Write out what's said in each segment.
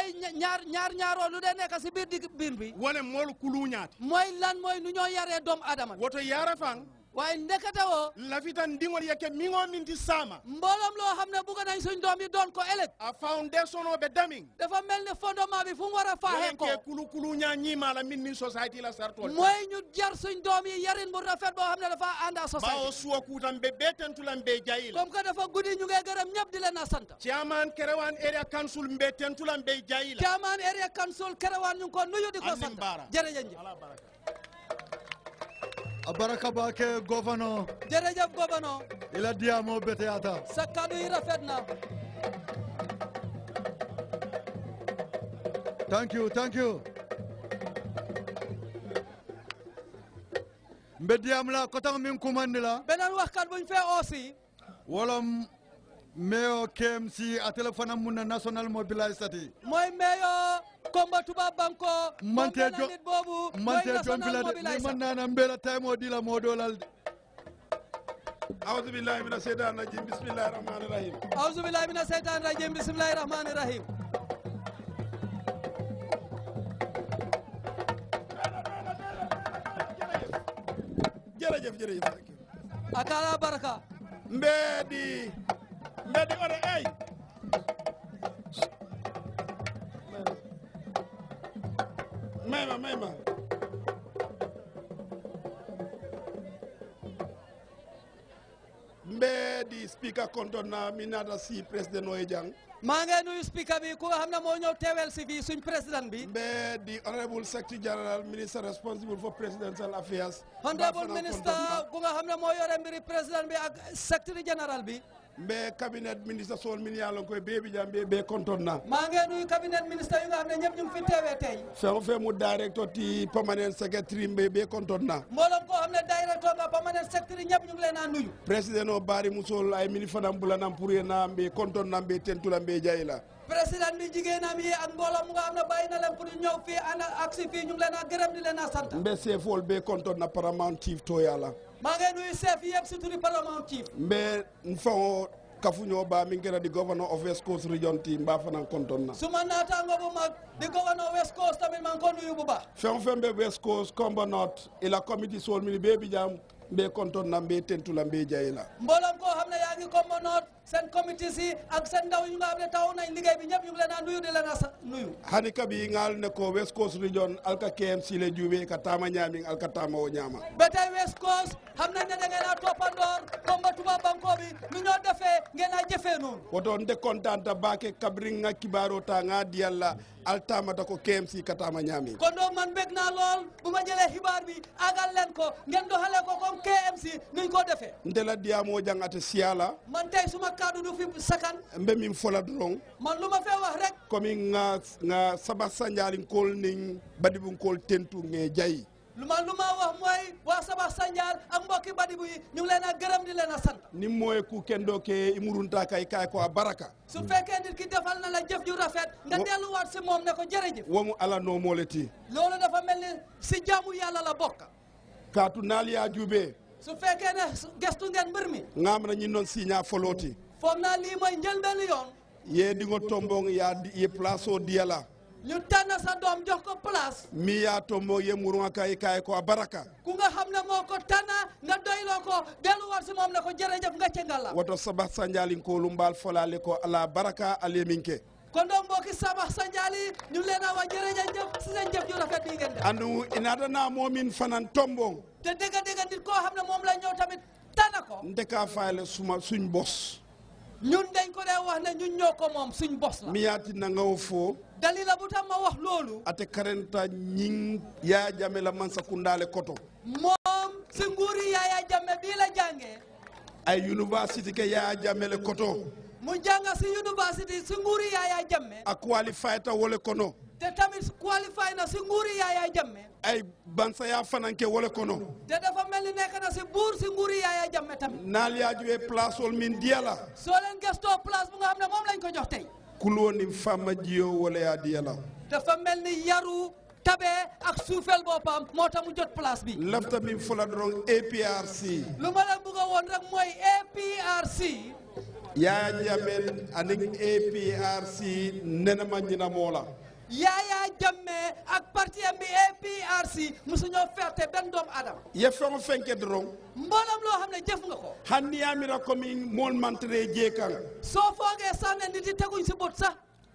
ay ñaar ñaar ñaaroo lu dee nekk si bi wala moolu kuluñaati mooy lan mooy nu ñoo yaree doomu adama woto yaara fang waaye ndekete woo lafita ndiŋol ye ke miŋo miŋ ti saama mbooloom loo xam ne bugg nañ suñ doom doon ko ëllëg a foundation o be damiŋ dafa mel ne fondement bi fu mu war a faaxee ko kulukulu ñaa ñiimaa la miŋ niŋ société la sartool mooy ñu jar suñ doom yi yarin boo xam ne dafa ànd baawo suwa kuutam be bee tentulam bee jayi la comme que dafa guddi ñu ngay gërëm ñëpp di leen a sant chairman Kerewan abaraka baake governor jërëjëf governor ila diamo beteyata sa kàddu yi rafet thank you thank you mbediyam la kotang min kumandi la beneen waxkat buñ fee aussi wolom mayor KMC a téléphone am mun na national mobilisati mooy mayor komba tubaab banko mante jo mante jon fila de ni man nana mbela taymo dila mo dolal de أعوذ بالله من الشيطان الرجيم بسم ore ay Ibrahima mbee di speaker kontonna mi naata si président Oye Jang maa ngi nuyu speaker bi ku nga xam ne moo ñëw teewel si fii suñ président bi mbee di honorable secretary general minister responsible for presidential affairs honorable minister ku nga xam ne moo yore mbiri président bi ak secretary general bi mbe cabinet ministre sol min yalla koy bebi jam be be konton na ma ngi nuyu cabinet ministre yu nga xam ne ñëpp ñu ngi fi teewee tey feewu fee mu directeur ti permanent secretary mbe be konton na mbooloo ko xam ne directeur nga permanent secretary ñëpp ñu ngi leen a nuyu président o bari musol ay mini fanam bulanam pour yena mbe konton na mbe tentula mbe jayla président bi jigéenam yi ak mbooloo mu nga xam na leen pour ñu ñëw ak si fii ñu ngi leen a gërëm di a mbe seefool be kontoon na Paramount Chief to yàlla maa ngi nuyu chef yëpp si turi Chief mbe fawo kafuñoo ba min kera di governor of west coast region ti mba fanan konton na suma naataango bu mag di governor west coast tamit man ko nuyu bu baax fen fen be west coast combo ila committee sol mini be bijam be konton na la be jayila mbooloom koo xam seen comité ak seen ndaw ñu nga xam ne taxaw nañ liggéey bi ñëpp ñu ngi leen a nuyu di leen a nuyu hani kabi ngal ne ko west coast region alka KMC le juume ka tama ñaaming alka tama o ñaama ba west coast xam nañ ne da ngeen a toppandoor komba bi nu ñoo defee ngeen a jëfee noonu woto nde contanta baake kabring nga kibaaro ta nga di yàlla altamata ko KMC ka tama ñaaming kon doo man bég naa lool bu ma jëlee bi agal leen ko ngeen doxalee ko si nuñ ko defé ndela diamo jangata siala man tay suma kaddu du fi sakan mbé mi folat rong man luma ma wax rek komi nga nga saba sanjali kol ni badibu kol tentu nge jay luma luma wax moy wa saba sanjaal ak mbokki badibu yi ñu leena leen di leena sant ni moy ku kendo ke i murunta kay ko baraka su fekke nit ki defal na la jëf ju rafet nga wat ci mom ne ko jërëjëf wamu ala no moleti lolu dafa melni ci jaamu yalla la bokka kaatu naal yaa su fekkee ne gestu ngeen mbir mi nga am na ñin noon siña folooti foog naa lii mooy njëlbéenu yoon yee di ye place diya la ñu tànn sa doom jox ko place mi yaa tombong ye murunga kay kay ko a baraka ku nga xam moo ko tànn nga doyloo ko delluwaat si moom ne ko jërëjëf nga ci ngalla woto sabax sanjaalin ko lu mbaal folaale ko ala baraka ale min ke kon donc mbokki sabax sanjaali ñu leen a wax jërëjëf si seen jëf ju rafet yi koo xam ne moom la ñëw tamit tànn ko. Ndeka Faye la suma suñ bos. ñun dañ ko dee wax ne ñun ñoo ko moom suñ bos la. miyaati na nga foo. dalila bu tam wax loolu. ate karenta ñing Yaya Jammeh la man sa koto. moom si nguuri Yaya Jammeh bii la jàngee. ay université ke Yaya Jammeh le koto. mu jànga si université si nguuri Yaya Jammeh. a qualifié ta wole kono. te tamit qualifié na si nguuri Yaya Jammeh ay Bansaya fananke wala kono te dafa mel ni na si buur si nguuri Yaya Jammeh tamit naal yaa juwee place wol min diyala soo leen gëstoo place bu nga xam ne moom lañ ko jox tey kuloo ni fama jiyoo wala yaa diyala dafa mel ni yaru tabe ak suufel boppam moo tax mu jot place bi lafta min fula dorong APRC lu ma leen bëgg a woon rek mooy APRC Yaya Jammeh aning APRC nena ma ñina moo la Yaya Jammeh ak parti am bi APRC musuñoo ferte benn doomu adama yefeŋo feŋke doroŋ mbooloom loo xam ne jëf nga ko hanni yaamira komin mool mantere jeekaŋ soo foogee sax ne nit yi si bët sax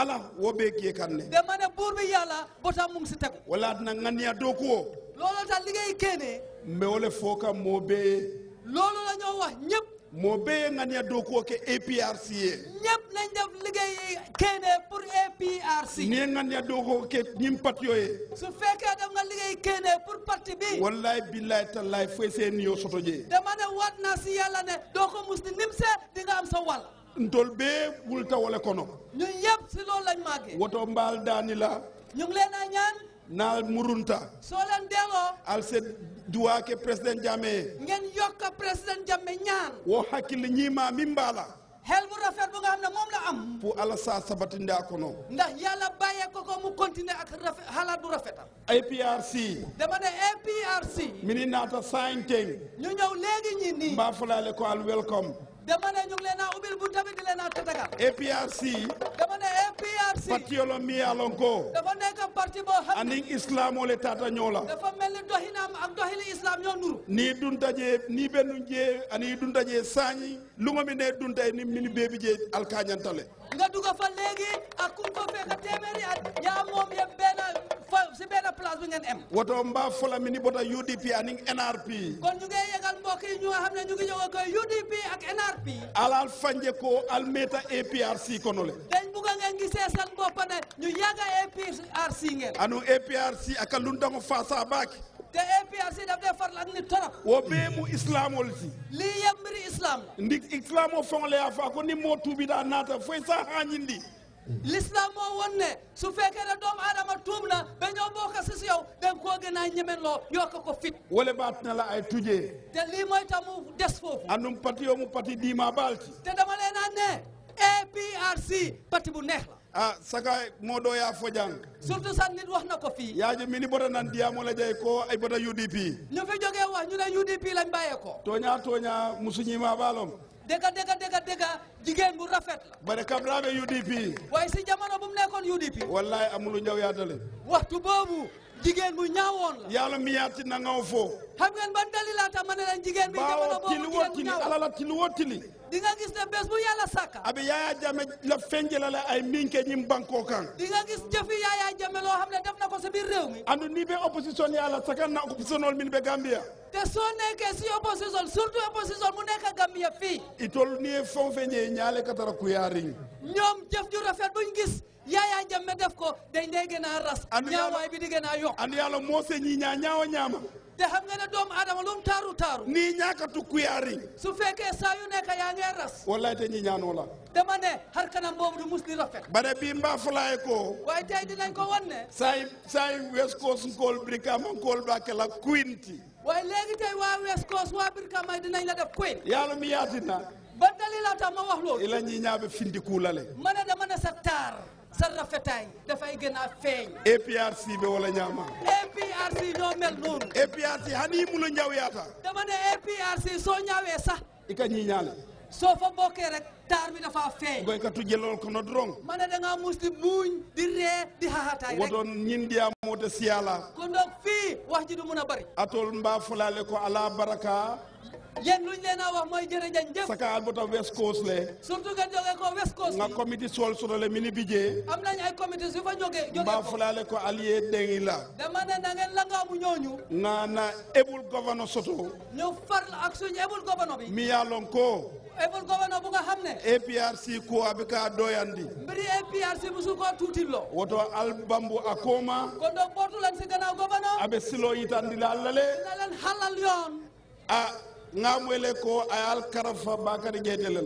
ala wo bee jeekaŋ ne dama ne buur bi yàlla botam mu ngi si tegu wala dina ŋaniya dookuwo looloo tax liggéey kéenee mais wala foo ka moo bee loolu la ñoo wax ñëpp moo béyee dokoke APRCA. ñëpp lañ def liggéey kéne pour APRC. nee nga ne dokoke ñim parti yooyee. su fekkee da nga liggéey kéne pour parti bi. wallaay billaay tallaay fooy seen yoo soto jee. dama ne waat naa si yàlla ne doo ko mus di nim se am sa wal. ntol bee wul tawale kono. ñun ñëpp si loolu lañ màggee. woto mbaal daani la. ñu ngi leen a ñaan. na murunta solan dengo al se duwa ke president jame ngeen yokka president jame ñaan wo hakkille ñima min mbala xel mu rafet bu nga xam ne moom la am pour ala sa sabatinde a kono ndax yàlla bàyyee ko ko mu continuer ak rafet xalaat bu rafetam APRC dama ne APRC mini naata sainteng ñu ñëw léegi ñi nii mbaa fulaale ko al welcome dama ne ñu ngi leen a ubbil bu APRC dama ne APRC parti olo mi alonko dafa nekk parti boo xam ak doxili islam ñoo nuru ni dunta je ni bennu je ani dunta je sañi lu ngomi ne dunta nga dugg fa léegi ak ku ko fekk téeméeri at yaa moom yem benn fa si benn place bi ngeen em woto mbaa fola ni bota UDP ani NRP kon ñu ngi yegal mbokk yi ñu nga xam ne ñu ngi jóge ko UDP ak NRP alal fanje ko almeta APRC kono le dañ bugg ngeen gisee seen bopp ne ñu yàgg APRC ngeen anu APRC aka lundango faasa baaki te APRC daf dee faral ak nit torop wo bee mu islam wol si lii yëpp mbiri islam la ndik islam o fongle a fa ko ni moo tuubi daa naata foy sa hañindi l'islam moo won ne su fekkee doomu aadama tuub na ñoo bokk si si yow danga koo gën a ñemeloo yokk ko fit wala baat na la ay tujee te lii mooy mu des foofu andum pati mu pati diima baal ci te dama leen naan ne APRC pati bu neex la ah saka moɗo ya fojang surtout san nit wax na ko fii yaajo mini bota nan diyamola jey ko ay bota udp ñu fi jógee wax ñu la udp lañ bàyyee ko tooña tooña musuñima baalom dëgga dëgga dëgga dëgga jigéen bu rafet la bare kabraaɓe udp waaye si jamono bu mu nekkoon udp wallahi amulu njaw yaatale waxtu boobu jigéen bu ñaawoon la yàlla miyaati nangaw fo xam ngeen ban dalil laa tax ma ne leen jigéen bi jamono boobu tili woo tili alala tili woo tili di gis ne bés bu yàlla sàkka abi yaaya jame la fenjelale ay minke ñim bankoo kan di gis jëfi yaaya jame loo xam ne def na ko si biir andu ni be opposition yàlla sakan na opposition min be Gambia te soo nekkee si opposition surtout opposition mu nekk Gambia fii itol ni fon fe ñee ñaale katara kuyaariñ ñoom jëf ju rafet buñ gis yaayaa jamme def ko dañ dee gën a a te xam nga ne doomu aadama lu mu taaru taaru nii ñaakatu kuyaari su fekkee saa yu nekk yaa ngee ras wallaay te ñi ñaanoo la dama ne har kanam boobu du mus di rafet bare bii mbaa fulaay ko waaye tey dinañ ko wan ne saay saay west coast nkool brikam nkool baake la kuinti waaye léegi tey waa west coast waa brikam ay dinañ la def kuin yàlla mi yaatina ba dalila tax ma wax loolu ila ñi ñaabe findi kuulale ma ne dama ne sa taar sa dafay gën a feeñ APRC be wala ñaama APRC ñoo mel noonu APRC hani mu la njaw dama ne APRC soo ñaawee sax i ka ñii ñaale soo fa bokkee rek taar bi dafa feeñ goy ka tujje lool kono drong ma ne dangaa muslim muuñ di ree di haxataay rek wotoon ñin diyaa te siyaala kon donc fii wax ji du mun a bari atool mbaa fulaale ko ala baraka yéen luñ leen a wax mooy jërëjëf jëf saka Alberta West Coast le surtout ngeen jógee ko West Coast nga comité sol solo le mini bijee am nañ ay comité su fa jógee jógee ko mbaa fulaale ko allié dengi la dama ne na ngeen langaamu ñooñu na na ebul governor soto ñu farl ak suñu ebul governor bi mi yàlloon ko ebul governor bu nga xam ne APRC ko abi ka doyandi mbiri APRC musu ko lo woto albambu akoma kon do portu lan si gannaaw governor abe nga moyle ko ayal karafa bakari jeyte la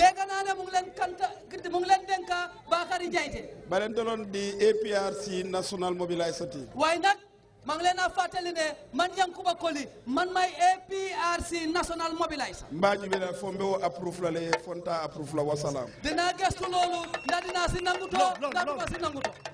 dégg naa ne mu ngi leen kanta mu ngi leen dénka bakari jeyte ba leen doon di APRC national mobilisation waaye nag maa ngi leen a fàttali ne man Yankuba Colley man may APRC national mobilisation mbaaji bi la fombe wo approuve la le fonta approuve la wasalaam dinaa gëstu loolu ndax dinaa si nanguto ndax duma si nanguto